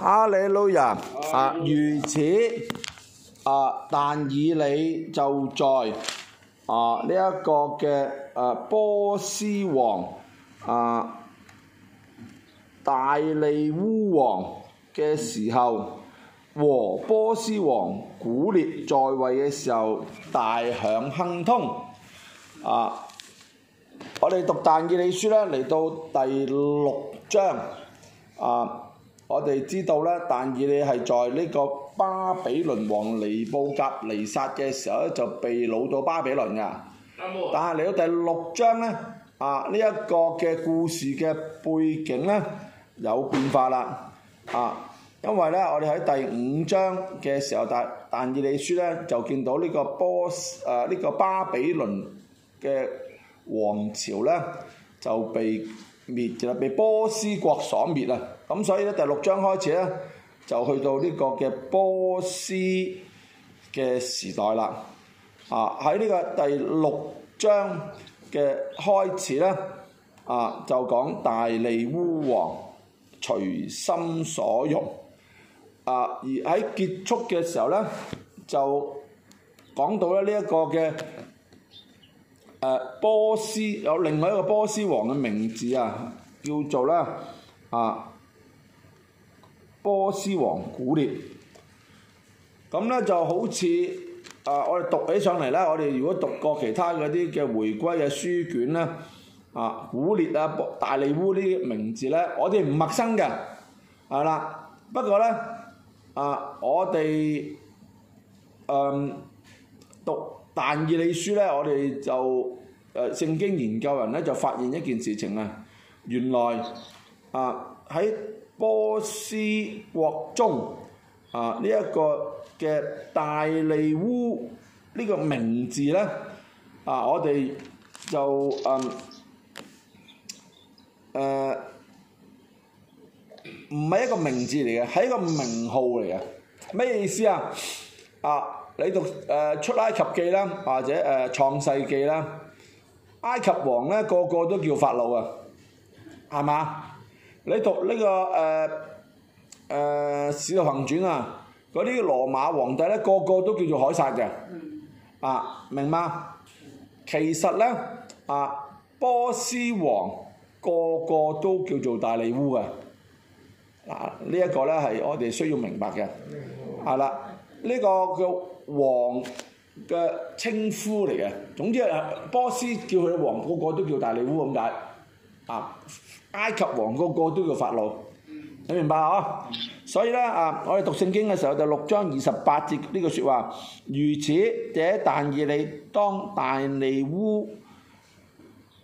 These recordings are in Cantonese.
哈利路亞啊，如此啊，但以理就在啊呢一個嘅啊波斯王啊大利烏王嘅時候，和波斯王古列在位嘅時候大享亨通啊！我哋讀但以理書咧，嚟到第六章啊。我哋知道咧，但以理係在呢個巴比倫王尼布甲尼撒嘅時候咧，就被擄到巴比倫噶。但係嚟到第六章咧，啊呢一個嘅故事嘅背景咧有變化啦。啊，因為咧，我哋喺第五章嘅時候，但但以理書咧就見到呢個波斯誒呢個巴比倫嘅王朝咧就被滅就被波斯國所滅啊。咁所以咧第六章開始咧，就去到呢個嘅波斯嘅時代啦。啊，喺呢個第六章嘅開始咧，啊就講大利烏王隨心所欲。啊，而喺結束嘅時候咧，就講到咧呢一個嘅。波斯有另外一個波斯王嘅名字啊，叫做咧啊波斯王古列，咁咧就好似啊我哋讀起上嚟咧，我哋如果讀過其他嗰啲嘅回歸嘅書卷咧，啊古列啊大利烏呢啲名字咧，我哋唔陌生嘅，係啦，不過咧啊我哋誒。嗯但以理書呢，我哋就誒、呃、聖經研究人呢，就發現一件事情啊，原來啊喺波斯國中啊呢一、這個嘅大利烏呢個名字呢，啊，我哋就誒誒唔係一個名字嚟嘅，係一個名號嚟嘅，咩意思啊？啊？你讀誒、呃《出埃及記》啦，或者誒、呃《創世記》啦，埃及王咧個個都叫法老啊，係嘛？你讀呢、這個誒誒《使、呃、徒、呃、行傳》啊，嗰啲羅馬皇帝咧個個都叫做凱撒嘅，啊，明嗎？其實咧啊，波斯王個個都叫做大利烏啊。嗱、這個，呢一個咧係我哋需要明白嘅，係啦、嗯。呢個叫王嘅稱呼嚟嘅。總之啊，波斯叫佢王，個個都叫大利烏咁解。啊，埃及王個個都叫法老，你明白啊？所以咧啊，我哋讀聖經嘅時候，就六章二十八節呢句説話，如此者但以你當大利烏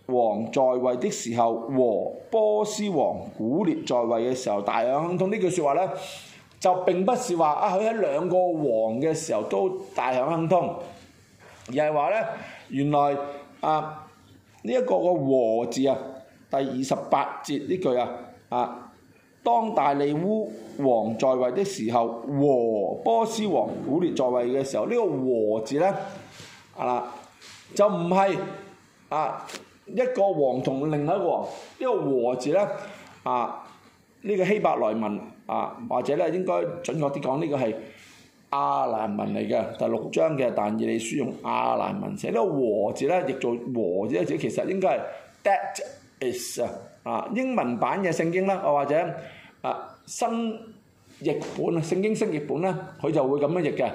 王在位的時候，和波斯王古列在位嘅時候，大享亨通呢句説話咧。就並不是話啊，佢喺兩個王嘅時候都大亨亨通，而係話咧，原來啊呢一個個和字啊，第二十八節呢句啊啊，當大利烏王在位的時候，和波斯王古列在位嘅時候，呢個和字咧啊，就唔係啊一個王同另一個王，呢個和字咧啊呢個希伯來文。啊，或者咧應該準確啲講，呢個係亞蘭文嚟嘅，第六章嘅但以理書用亞蘭文寫，呢個和字咧譯做和字咧，其實應該係 that is 啊，英文版嘅聖經啦，我、啊、或者啊新譯本聖經新譯本咧，佢就會咁樣譯嘅，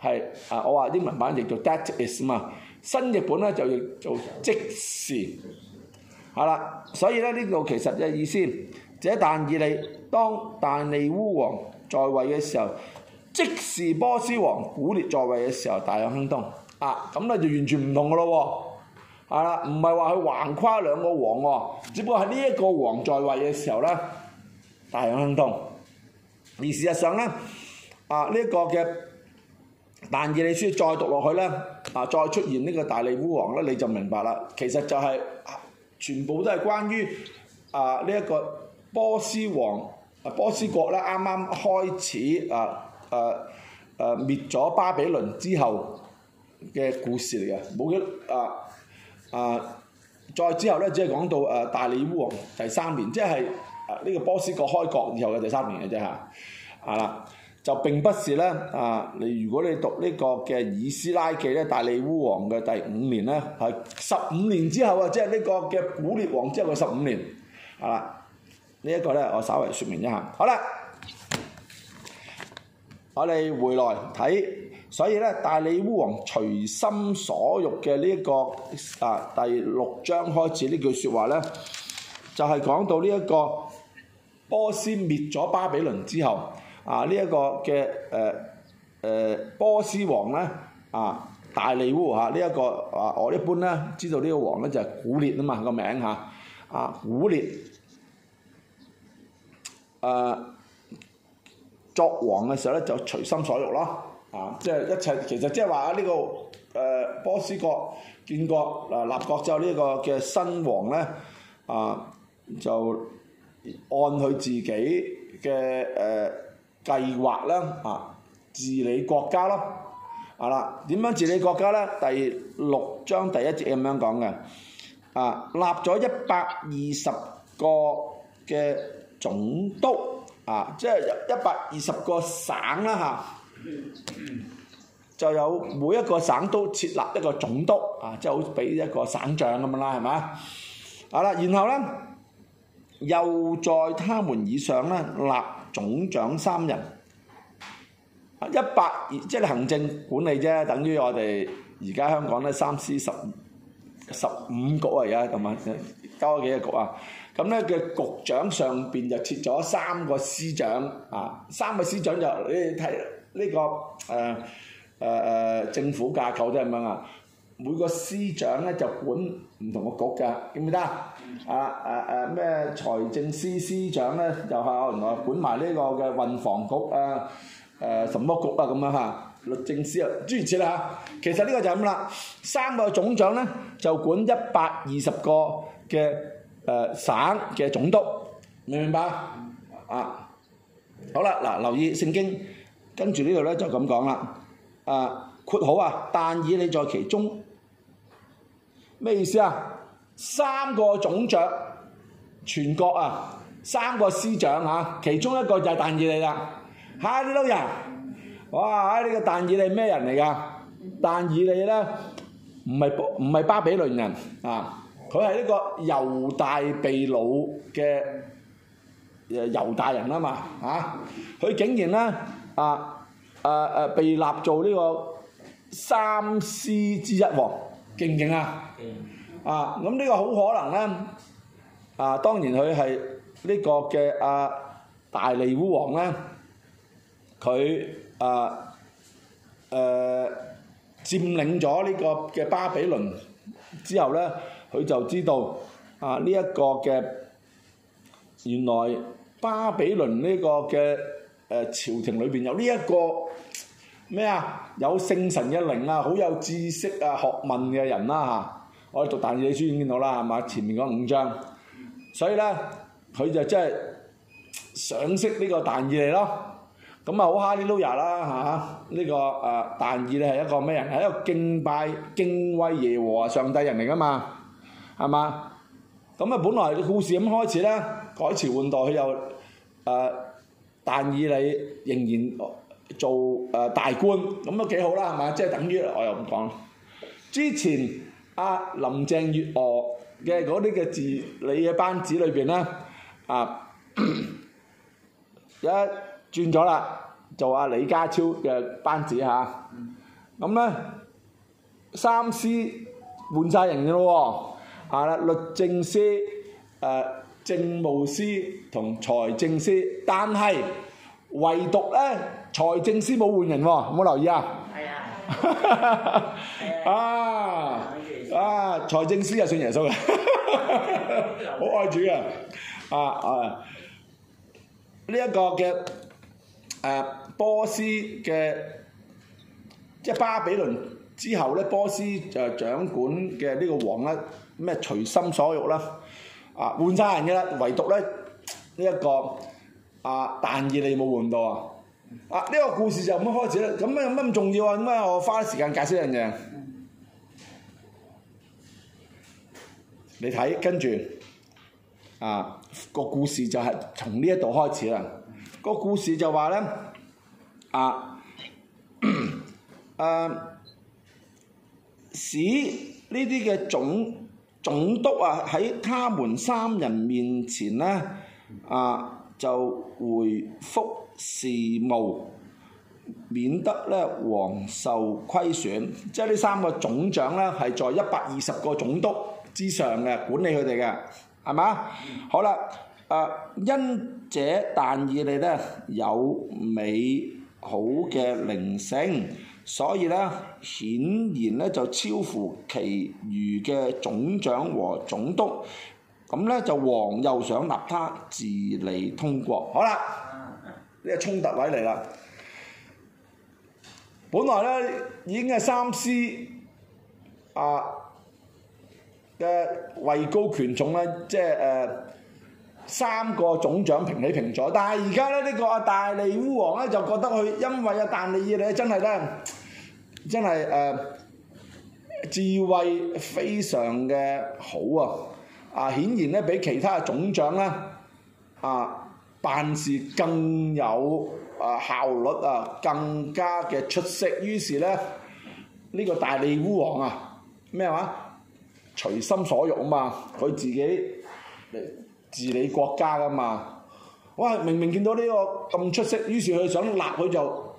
係啊我話英文版譯做 that is 嘛，新譯本咧就譯做即是，係、啊、啦，所以咧呢度其實嘅意思。這但以利當大利烏王在位嘅時候，即是波斯王古列在位嘅時候，大有亨通。啊，咁咧就完全唔同嘅咯喎，係、啊、啦，唔係話佢橫跨兩個王喎、啊，只不過係呢一個王在位嘅時候咧，大有亨通。而事實上咧，啊呢一、這個呢個嘅但以利書再讀落去咧，啊再出現呢個大利烏王咧，你就明白啦。其實就係、是係啊、全部都係關於啊呢一、這個呢個。波斯王啊，波斯國咧，啱啱開始啊啊啊滅咗巴比倫之後嘅故事嚟嘅。冇一啊啊再之後咧，只係講到啊大利烏王第三年，即係啊呢個波斯國開國以後嘅第三年嘅啫嚇，係啦，就並不是咧啊，你如果你讀呢個嘅《以斯拉記》咧，大利烏王嘅第五年咧係十五年之後啊，即係呢個嘅古列王之後嘅十五年，係啦。呢一個咧，我稍微説明一下。好啦，我哋回來睇，所以咧，大利烏王隨心所欲嘅呢一個啊，第六章開始呢句説話咧，就係講到呢一個波斯滅咗巴比倫之後啊，呢一個嘅誒誒波斯王咧啊，大利烏啊，呢一個啊，我一般咧知道呢個王咧就係古列啊嘛個名嚇啊古列。誒、啊、作王嘅時候咧，就隨心所欲咯，啊，即係一切其實即係話呢個誒、呃、波斯國建國啊立國之後呢個嘅新王咧啊就按佢自己嘅誒、呃、計劃啦啊治理國家咯啊啦點樣治理國家咧？第六章第一節咁樣講嘅啊立咗一百二十個嘅。總督啊，即係一百二十個省啦嚇、啊，就有每一個省都設立一個總督啊，即係好似俾一個省長咁樣啦，係咪？好、啊、啦，然後咧，又在他們以上咧立總長三人，一百二即係行政管理啫，等於我哋而家香港咧三司十。十五局啊，而家同埋多幾多局啊？咁呢個局長上邊就設咗三個司長啊，三個司長就是、你睇呢、這個誒誒誒政府架構都係咁樣啊，每個司長呢就管唔同個局嘅，記唔記得啊？誒誒咩財政司司長呢？就係我原來管埋呢個嘅運房局啊，誒什麼局啊咁啊嚇。律政司啊，諸如此類啊。其實呢個就係咁啦，三個總長咧就管一百二十個嘅誒、呃、省嘅總督，明唔明白啊？好啦，嗱，留意聖經，跟住呢度咧就咁講啦。啊，括號啊，但以理，在其中，咩意思啊？三個總長，全國啊，三個司長啊，其中一個就係但以理啦。哈利路亞。 哇！啊！呢個但以理咩人嚟㗎？但以理咧，唔係唔係巴比倫人啊！佢係呢個猶大被擄嘅誒猶大人啊嘛嚇！佢竟然咧啊誒誒被立做呢個三師之一王，勁唔勁啊？勁啊！咁呢個好可能咧啊！當然佢係呢個嘅啊大利烏王咧，佢。啊，誒、呃呃、佔領咗呢個嘅巴比倫之後咧，佢就知道啊呢一、這個嘅原來巴比倫呢個嘅誒朝廷裏邊有呢、這、一個咩啊？有聖神嘅靈啊，好有知識啊、學問嘅人啦、啊、嚇！我讀《但以理書》已經見到啦，係嘛，前面嗰五章，所以咧佢就真係賞識呢個但以理咯。咁啊好哈利路亞啦嚇，呢、這個誒、呃、但以理係一個咩人？係一個敬拜敬畏耶和華上帝人嚟噶嘛，係嘛？咁啊本來個故事咁開始啦，改朝換代佢又誒、呃、但以理仍然做誒、呃、大官，咁都幾好啦係嘛？即係、就是、等於我又唔講。之前阿、啊、林鄭月娥嘅嗰啲嘅治理嘅班子裏邊咧，啊 一。轉咗啦，做阿李家超嘅班子嚇。咁咧三司換晒人嘅咯喎，啊、嗯、啊、了了啊律政司、誒、啊、政務司同政財政司，但係唯獨咧財政司冇換人喎，有、啊、冇留意啊？係 啊。啊啊財政司又算耶穌嘅，好愛主嘅。啊啊呢一個嘅。嗯誒、啊、波斯嘅，即係巴比倫之後咧，波斯就掌管嘅呢個王咧，咩、啊、隨心所欲啦，啊換晒人噶啦，唯獨咧呢一個啊但以理冇換到啊，啊呢、這個故事就咁開始啦，咁咩有乜咁重要啊？咁啊，我花啲時間解釋人嘅，你睇跟住啊個故事就係從呢一度開始啦。個故事就話咧，啊，誒，使呢啲嘅總總督啊，喺他們三人面前咧，啊，就回覆事務，免得咧王受虧損。即係呢三個總長咧，係在一百二十個總督之上嘅管理佢哋嘅，係嘛？好啦。誒、uh, 因者但以理呢有美好嘅靈性，所以呢顯然呢就超乎其餘嘅總長和總督，咁呢就王又想立他治理通國，好啦，呢、嗯、個衝突位嚟啦。本來呢已經係三司，啊嘅位高權重呢，即係誒。呃三個總長平起平坐，但係而家咧呢個大利烏王咧就覺得佢因為阿但以理咧真係咧真係誒、呃、智慧非常嘅好啊！啊顯然咧比其他總長咧啊辦事更有效率啊，更加嘅出色。於是咧呢、這個大利烏王啊咩話隨心所欲啊嘛，佢自己。治理國家㗎嘛，哇！明明見到呢個咁出色，於是佢想立佢做，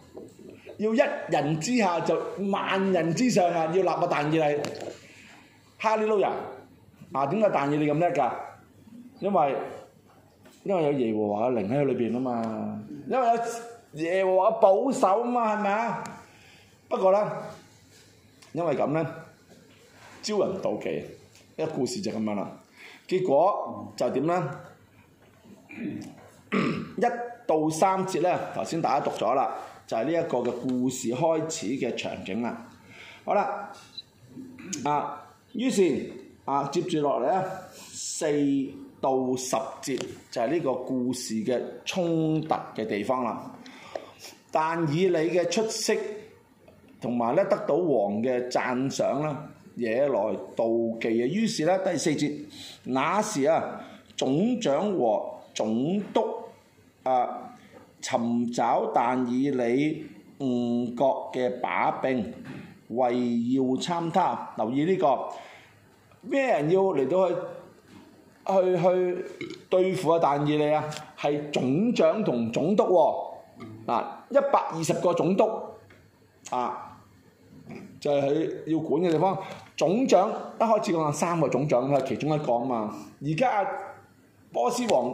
要一人之下就萬人之上啊！要立個但以理嚟哈利路亞，啊點解但以理你咁叻㗎？因為因為有耶和華嘅靈喺佢裏邊啊嘛，因為有耶和華保守啊嘛，係咪啊？不過咧，因為咁咧，招人妒忌，一個故事就咁樣啦。結果就點呢？ 一到三節呢，頭先大家讀咗啦，就係呢一個嘅故事開始嘅場景啦。好啦，啊，於是啊，接住落嚟呢，四到十節就係呢個故事嘅衝突嘅地方啦。但以理嘅出色同埋呢，得到王嘅讚賞啦。惹來妒忌啊！於是咧第四節，那時啊，總長和總督啊，尋找但以理誤國嘅把柄，為要參他。留意呢、這個咩人要嚟到去去去對付啊？但以理啊，係總長同總督喎、哦。嗱、啊，一百二十個總督啊！佢要管嘅地方，總長一開始講三個總長啦，其中一個啊嘛。而家、啊、波斯王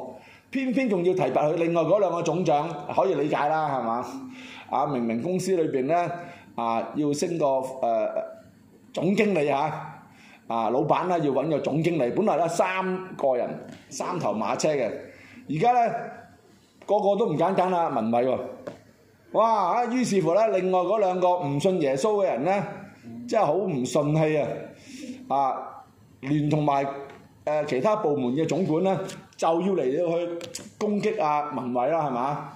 偏偏仲要提拔佢，另外嗰兩個總長可以理解啦，係嘛？啊，明明公司裏邊咧啊，要升個誒、呃、總經理嚇、啊，啊老闆咧要搵個總經理，本來咧三個人三頭馬車嘅，而家咧個個都唔簡單啦，文偉喎、啊，哇！於是乎咧，另外嗰兩個唔信耶穌嘅人咧。即係好唔順氣啊！啊，連同埋誒其他部門嘅總管咧，就要嚟到去攻擊阿、啊、文偉啦，係嘛？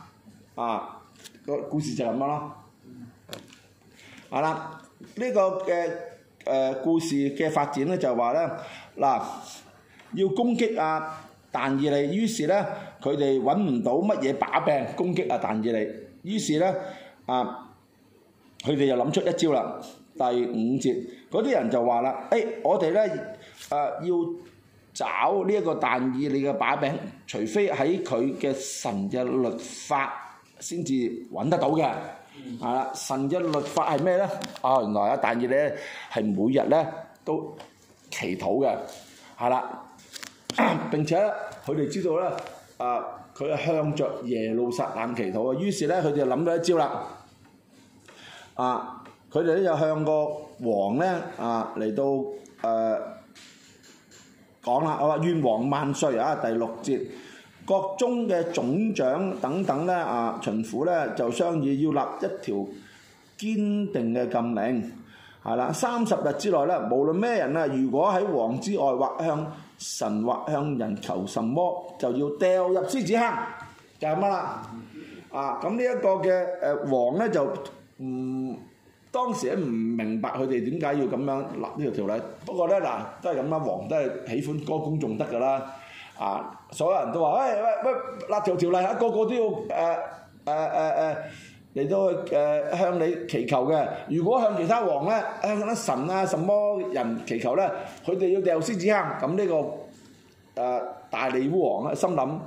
啊個故事就係咁咯。係、啊、啦，呢、這個嘅誒、呃、故事嘅發展咧，就話咧嗱要攻擊阿但以理，於是咧佢哋揾唔到乜嘢把柄攻擊阿但以理，於是咧啊佢哋就諗出一招啦。第五節，嗰啲人就話啦：誒、哎，我哋咧，誒、呃，要找呢一個但以理嘅把柄，除非喺佢嘅神嘅律法先至揾得到嘅。係啦，神嘅律法係咩咧？啊，呢哦、原來啊，但以理咧係每日咧都祈禱嘅，係、啊、啦。並且佢哋知道咧，誒、啊，佢係向着耶路撒冷祈禱嘅，於是咧佢哋就諗咗一招啦，啊！佢哋咧就向個王咧啊嚟到誒，講啦，我話願王萬歲啊！第六節，國中嘅總長等等咧啊，巡撫咧就商議要立一條堅定嘅禁令，係啦，三十日之內咧，無論咩人啊，如果喺王之外或向神或向人求什麼，就要掉入獅子坑，就係乜啦？啊，咁呢一個嘅誒王咧就唔～當時咧唔明白佢哋點解要咁樣立呢條條例。不過呢，嗱，都係咁啦，王都係喜歡歌功頌德㗎啦。啊，所有人都話：喂喂喂，立條條例，個個都要誒誒誒誒嚟到去誒向你祈求嘅。如果向其他王咧、啊，向啲神啊、什麼人祈求咧，佢哋要掉獅子坑。咁呢、這個誒、呃、大利烏王啊，心諗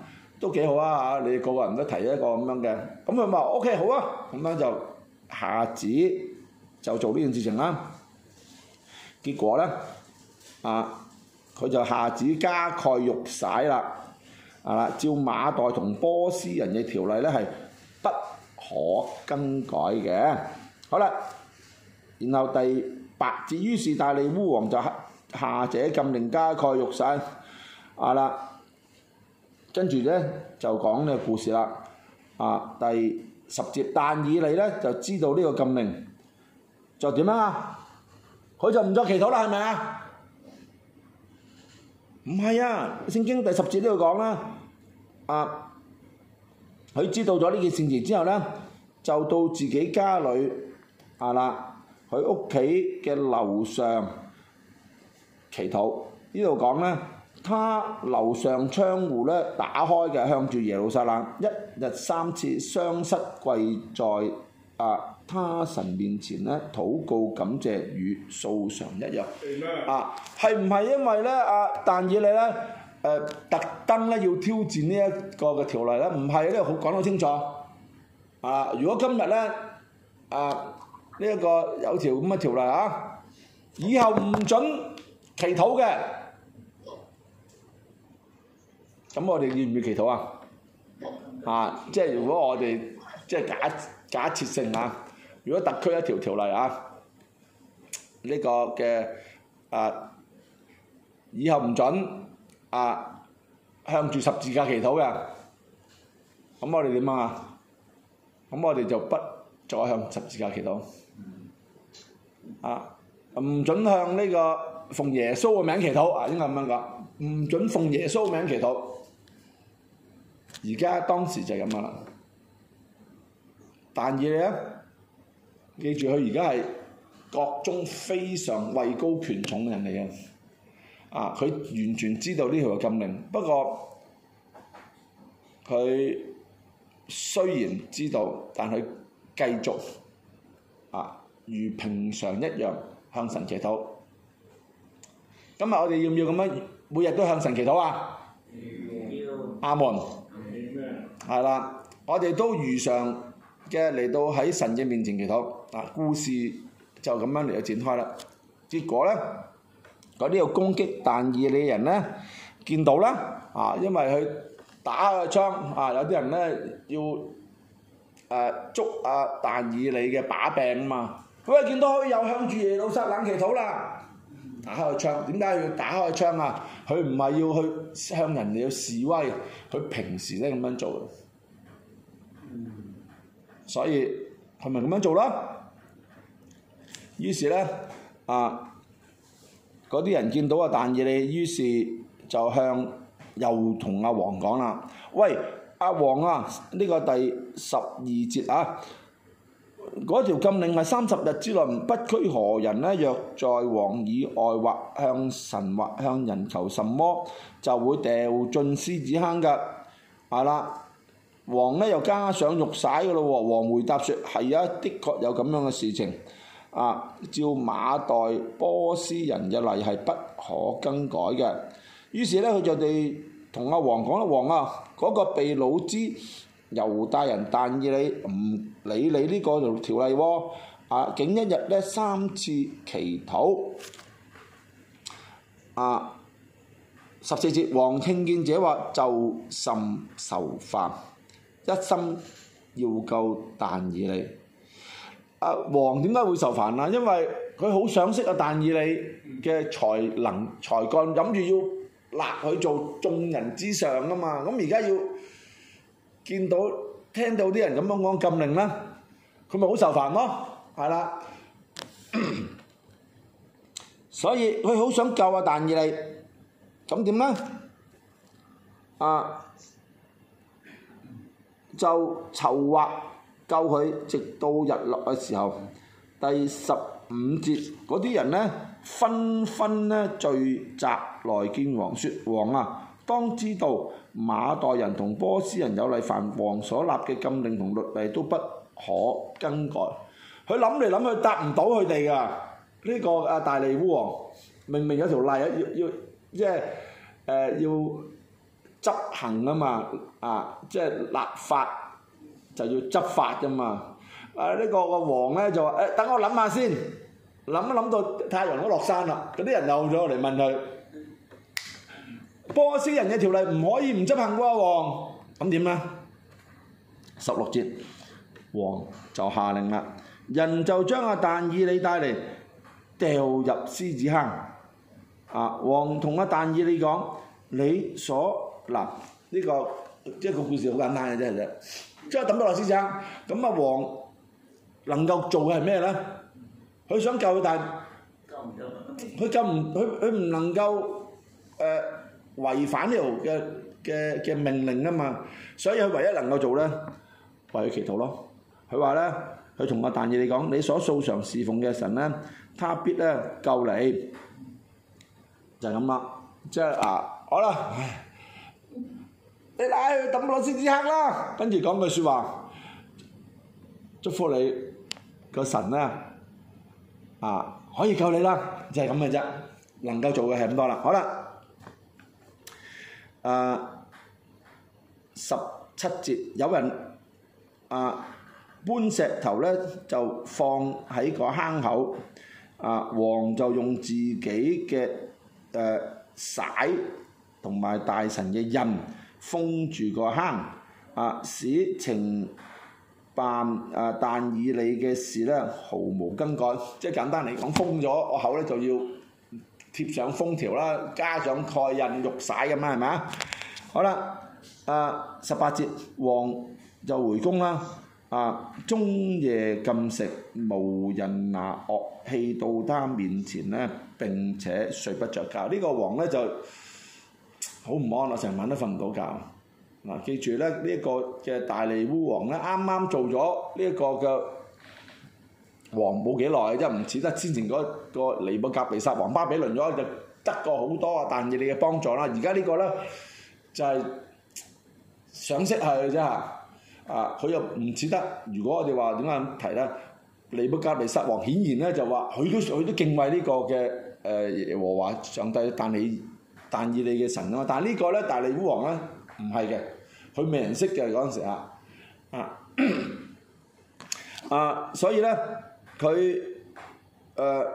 都幾好啊！嚇，你個個人都提一個咁樣嘅，咁佢咪 O K 好啊，咁樣就下旨。就做呢件事情啦。結果呢，啊，佢就下旨加蓋玉璽啦。啊，照馬代同波斯人嘅條例呢，係不可更改嘅。好啦，然後第八節，於是大利烏王就下，下者禁令加蓋玉璽。啊啦，跟、啊、住呢，就講呢個故事啦。啊，第十節，但以理呢，就知道呢個禁令。就點啊？佢就唔再祈禱啦，係咪啊？唔係啊，《聖經》第十節呢度講啦，啊，佢知道咗呢件事情之後咧，就到自己家裏啊啦，佢屋企嘅樓上祈禱。呢度講咧，他樓上窗戶咧打開嘅，向住耶路撒冷，一日三次雙膝跪在啊。他神面前咧，禱告感謝與素常一樣。啊，係唔係因為咧？啊，但以理咧，誒、呃，特登咧要挑戰呢一個嘅條例咧？唔係咧，好講得好清楚。啊，如果今日咧，啊，呢、這、一個有條咁嘅條例啊，以後唔准祈禱嘅，咁我哋要唔要祈禱啊？啊，即係如果我哋即係假假設性啊？如果特區一條條例啊，呢、這個嘅啊，以後唔准啊向住十字架祈禱嘅，咁我哋點樣啊？咁我哋就不再向十字架祈禱。啊，唔准向呢個奉耶穌嘅名祈禱啊，應該咁樣講，唔准奉耶穌嘅名祈禱。而家當時就係咁樣啦。但係咧～記住，佢而家係國中非常位高權重嘅人嚟嘅，啊！佢完全知道呢條禁令，不過佢雖然知道，但佢繼續啊，如平常一樣向神祈禱。今日我哋要唔要咁樣每日都向神祈禱啊？阿門。你係啦，我哋都如常嘅嚟到喺神嘅面前祈禱。故事就咁樣嚟咗展開啦。結果呢，嗰啲要攻擊但以理嘅人呢，見到啦，啊，因為佢打開個窗，啊，有啲人呢要、呃、捉阿但、啊、以理嘅把柄啊嘛。咁、嗯、啊，見到佢又向住耶路撒冷祈禱啦，打開個窗，點解要打開個窗啊？佢唔係要去向人哋要示威，佢平時咧咁樣做、嗯。所以佢咪咁樣做咯？於是咧，啊，嗰啲人見到啊，但以理，於是就向又同阿王講啦，喂，阿、啊、王啊，呢、這個第十二節啊，嗰條禁令係三十日之內不拘何人咧，若在王以外或向神或向人求什麼，就會掉進獅子坑㗎，係、啊、啦，王呢又加上玉璽㗎咯喎，王回答說係啊，的確有咁樣嘅事情。啊、照馬代波斯人嘅例係不可更改嘅，於是呢，佢就對同阿王講啦：王啊，嗰、那個被擄之猶大人但以理唔理你呢個條例喎，啊，竟一日呢，三次祈禱，啊，十四節，王聽見者話就甚愁煩，一心要救但以理。阿、啊、王點解會受煩啦？因為佢好想識阿、啊、但以理嘅才能才幹，諗住要立佢做眾人之上噶嘛。咁而家要見到聽到啲人咁樣講禁令啦，佢咪好受煩咯？係啦， 所以佢好想救阿、啊、但以理咁點呢？啊，就籌劃。救佢，直到日落嘅時候。第十五節，嗰啲人呢，紛紛呢聚集來見王，說：王啊，當知道馬代人同波斯人有例，凡王所立嘅禁令同律例都不可更改。佢諗嚟諗去答唔到佢哋㗎。呢、這個阿、啊、大利烏王明明有條例要要，即係要、呃、要執行啊嘛，啊即係立法。就要執法噶嘛？啊、這個、呢個個王咧就話：誒、欸、等我諗下先，諗一諗到太陽都落山啦。嗰啲人漏咗嚟問佢：波斯人嘅條例唔可以唔執行嘅喎、啊，王咁點啊？十六節，王就下令啦，人就將阿但以理帶嚟掉入獅子坑。啊，王同阿但以理講：你所嗱呢、這個即係、這個故事好簡單嘅啫，其實。即係等多羅先生，咁阿黃能夠做嘅係咩咧？佢想救佢，但佢救唔佢佢唔能夠誒違反呢條嘅嘅嘅命令啊嘛，所以佢唯一能夠做咧，為佢祈禱咯。佢話咧，佢同阿但以理你講，你所素常侍奉嘅神咧，他必咧救你，就係咁啦。即係啊，好啦。你拉去揼個獅子之坑啦，跟住講句説話，祝福你個神啦、啊，啊可以救你啦，就係咁嘅啫，能夠做嘅係咁多啦。好啦，誒、啊、十七節有人啊搬石頭咧，就放喺個坑口，啊王就用自己嘅誒璽同埋大神嘅印，封住個坑，啊使情辦啊，但以理嘅事咧，毫無更改。即係簡單嚟講，封咗個口咧就要貼上封條啦，加上蓋印玉璽咁啊，係咪啊？好啦，啊十八節王就回宮啦，啊中夜禁食，無人拿樂器到他面前咧，並且睡不着覺。呢、這個王咧就。好唔安樂，成晚都瞓唔到覺。嗱、啊，記住咧，呢、這、一個嘅大利烏王咧，啱啱做咗呢一個嘅王冇幾耐，即唔似得之前嗰個尼布甲尼撒王巴比倫咗就得過好多但，但以理嘅幫助啦，而家呢個咧就係、是、想識下佢啫。啊，佢又唔似得，如果我哋話點樣提咧？尼布甲尼撒王顯然咧就話，佢都佢都敬畏呢個嘅誒、呃、耶和華上帝，但係。但以你嘅神啊，但係呢個咧，大利烏王咧唔係嘅，佢未人認識嘅嗰陣時啊，啊啊，所以咧佢誒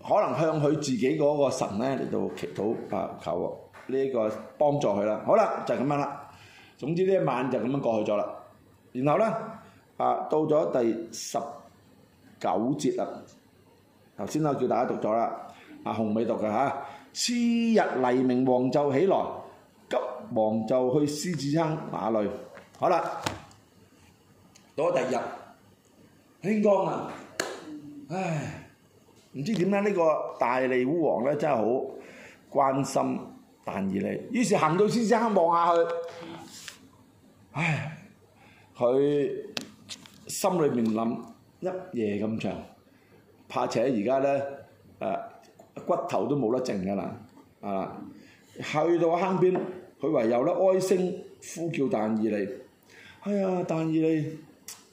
可能向佢自己嗰個神咧嚟到祈禱啊求呢、這個幫助佢啦。好啦，就係、是、咁樣啦。總之呢一晚就咁樣過去咗啦。然後咧啊，到咗第十九節啊，頭先我叫大家讀咗啦，阿、啊、紅未讀嘅吓。啊次日黎明，王就起來，急忙就去獅子坑那裏。好啦，到咗第二日，天光啊，唉，唔知點解呢個大利烏王呢，真係好關心但以理。於是行到獅子坑望下去，唉，佢心裏面諗一夜咁長，怕且而家呢。誒、呃。骨頭都冇得剩㗎啦，啊！去到坑邊，佢唯有咧哀聲呼叫但以理，哎呀但以理，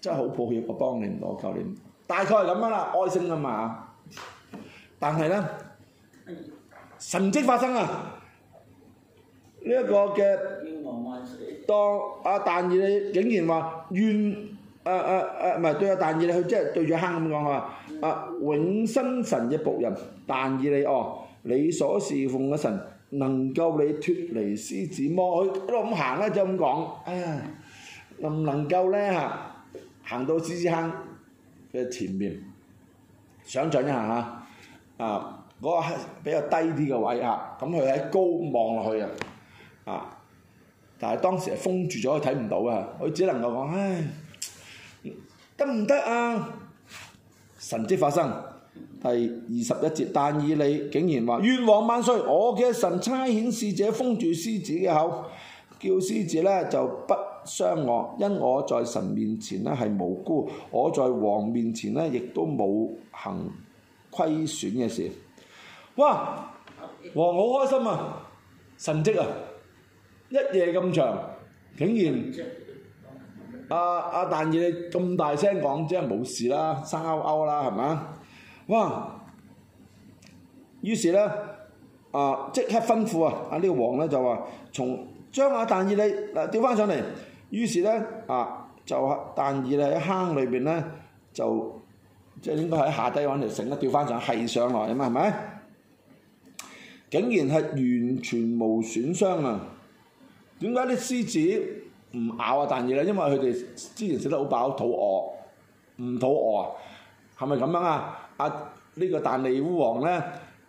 真係好抱歉，我幫你唔到，求你。大概係咁樣啦，哀聲啊嘛。但係咧，神蹟發生、這個、啊！呢一個嘅當阿但以理竟然話願。誒誒誒，唔係、呃呃呃、對阿但以理佢即係對住坑咁講嚇。阿、啊、永生神嘅僕人，但以理哦，你所侍奉嘅神能夠你脫離獅子魔佢一路咁行咧，就咁講。唉、哎，能唔能夠咧嚇行到獅子坑嘅前面？想象一下嚇，啊嗰、嗰個比較低啲嘅位嚇，咁佢喺高望落去啊，但係當時係封住咗，佢睇唔到啊，佢只能夠講唉。哎得唔得啊？神蹟，發生，第二十一節。但以理竟然話願王萬歲！我嘅神差遣使者封住獅子嘅口，叫獅子呢就不傷我，因我在神面前呢係無辜，我在王面前呢亦都冇行虧損嘅事。哇！王好開心啊！神蹟啊，一夜咁長，竟然～阿阿但以理咁大聲講，即係冇事啦，生勾勾啦，係咪啊？哇！於是呢，啊即刻吩咐啊！啊、這、呢個王呢，就話，從將阿但以理嗱調翻上嚟。於是呢，啊，就阿但以理喺坑裏邊呢，就即係應該喺下低揾條繩啦，調翻上嚟。係上來啊嘛，係咪？竟然係完全冇損傷啊！點解啲獅子？唔咬啊！蛋嘢啦，因為佢哋之前食得好飽，肚餓，唔肚餓，係咪咁樣啊？阿、啊、呢、呢個但利烏王呢，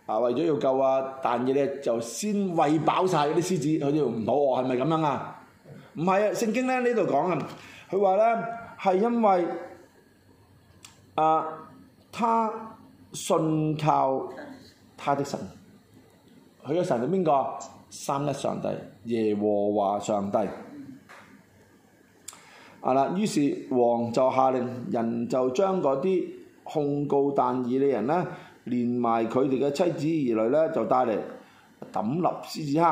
啊為咗要救啊蛋嘢呢，就先餵飽晒啲獅子，佢哋唔肚餓，係咪咁樣啊？唔係啊，聖經咧呢度講啊，佢話呢，係因為啊他信靠他的神，佢嘅神係邊個？三一上帝，耶和華上帝。啊啦，於是王就下令，人就將嗰啲控告但以理人咧，連埋佢哋嘅妻子兒女咧，就帶嚟抌入獅子坑。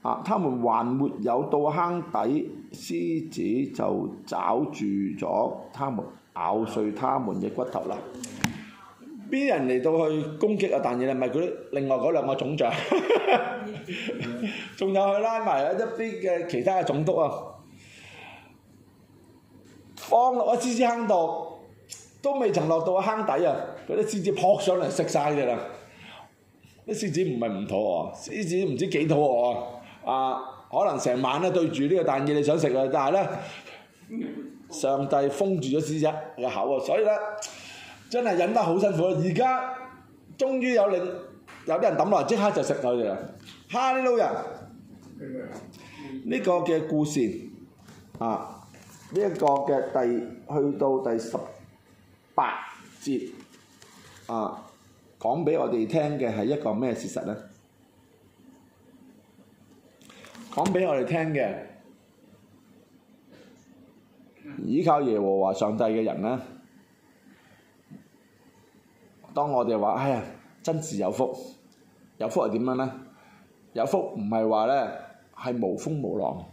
啊，他們還沒有到坑底，獅子就抓住咗他們，咬碎他們嘅骨頭啦。邊人嚟到去攻擊啊？但以理唔係嗰啲另外嗰兩個總長，仲有去拉埋一啲嘅其他嘅總督啊！放落個獅子坑度，都未曾落到個坑底啊！嗰啲獅子撲上嚟食晒嘅啦。啲獅子唔係唔肚餓，獅子唔知幾肚餓啊！可能成晚咧對住呢個蛋嘢你想食啊，但係咧上帝封住咗獅子個口啊，所以咧真係忍得好辛苦。嗯、啊。而家終於有令有啲人抌落嚟，即刻就食佢啊！哈利路亞！呢個嘅故事啊！呢一個嘅第去到第十八節啊，講畀我哋聽嘅係一個咩事實呢？講畀我哋聽嘅，依靠耶和華上帝嘅人呢，當我哋話哎呀，真是有福，有福係點樣呢？有福唔係話呢，係無風無浪。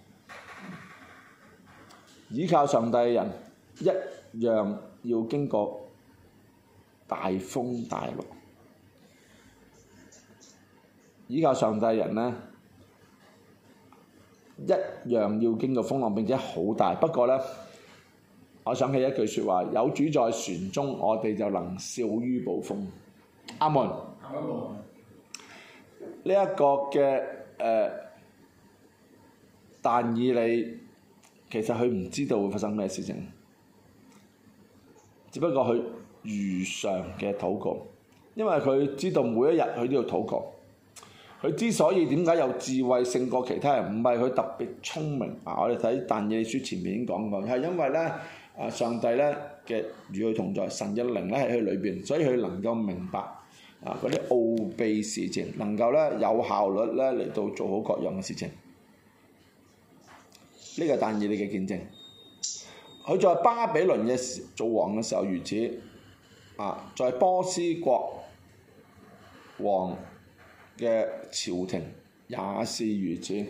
依靠上帝嘅人一樣要經過大風大浪，依靠上帝嘅人呢，一樣要經過風浪，並且好大。不過呢，我想起一句説話：有主在船中，我哋就能笑於暴風。阿門。呢一門個嘅誒、呃，但以理。其實佢唔知道會發生咩事情，只不過佢如常嘅禱告，因為佢知道每一日佢都要禱告。佢之所以點解有智慧勝過其他人，唔係佢特別聰明啊！我哋睇但以理書前面已經講過，係因為咧啊上帝咧嘅與佢同在，神一靈咧喺佢裏邊，所以佢能夠明白啊嗰啲奧秘事情，能夠咧有效率咧嚟到做好各樣嘅事情。呢個但以理嘅見證，佢在巴比倫嘅時做王嘅時候如此，啊，在波斯國王嘅朝廷也是如此。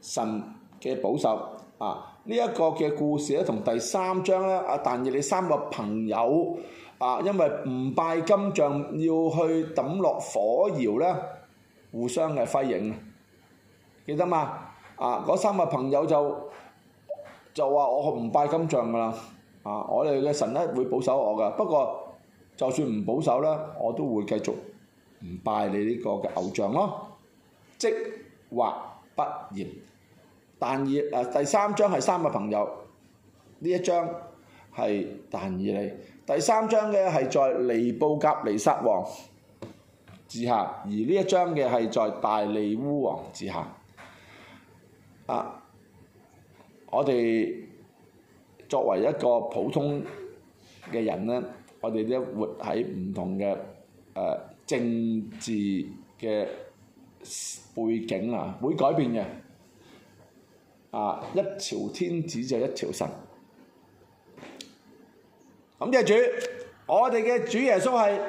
神嘅保守，啊，呢一個嘅故事咧，同第三章咧，阿但以理三個朋友，啊，因為唔拜金像要去抌落火窯咧，互相嘅輝映，記得嘛？啊！嗰三個朋友就就話：我唔拜金像噶啦！啊，我哋嘅神咧會保守我噶。不過就算唔保守咧，我都會繼續唔拜你呢個嘅偶像咯。即或不然，但以啊第三章係三個朋友，呢一章係但以理，第三章嘅係在尼布甲尼撒王之下，而呢一章嘅係在大利烏王之下。啊！我哋作為一個普通嘅人呢，我哋都活喺唔同嘅誒、呃、政治嘅背景啊，會改變嘅。啊！一朝天子就一朝臣，咁即係主，我哋嘅主耶穌係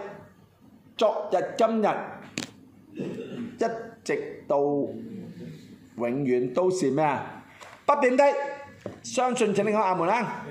昨日今日一直到。永遠都是咩啊？不斷的相信，請你講阿門啦。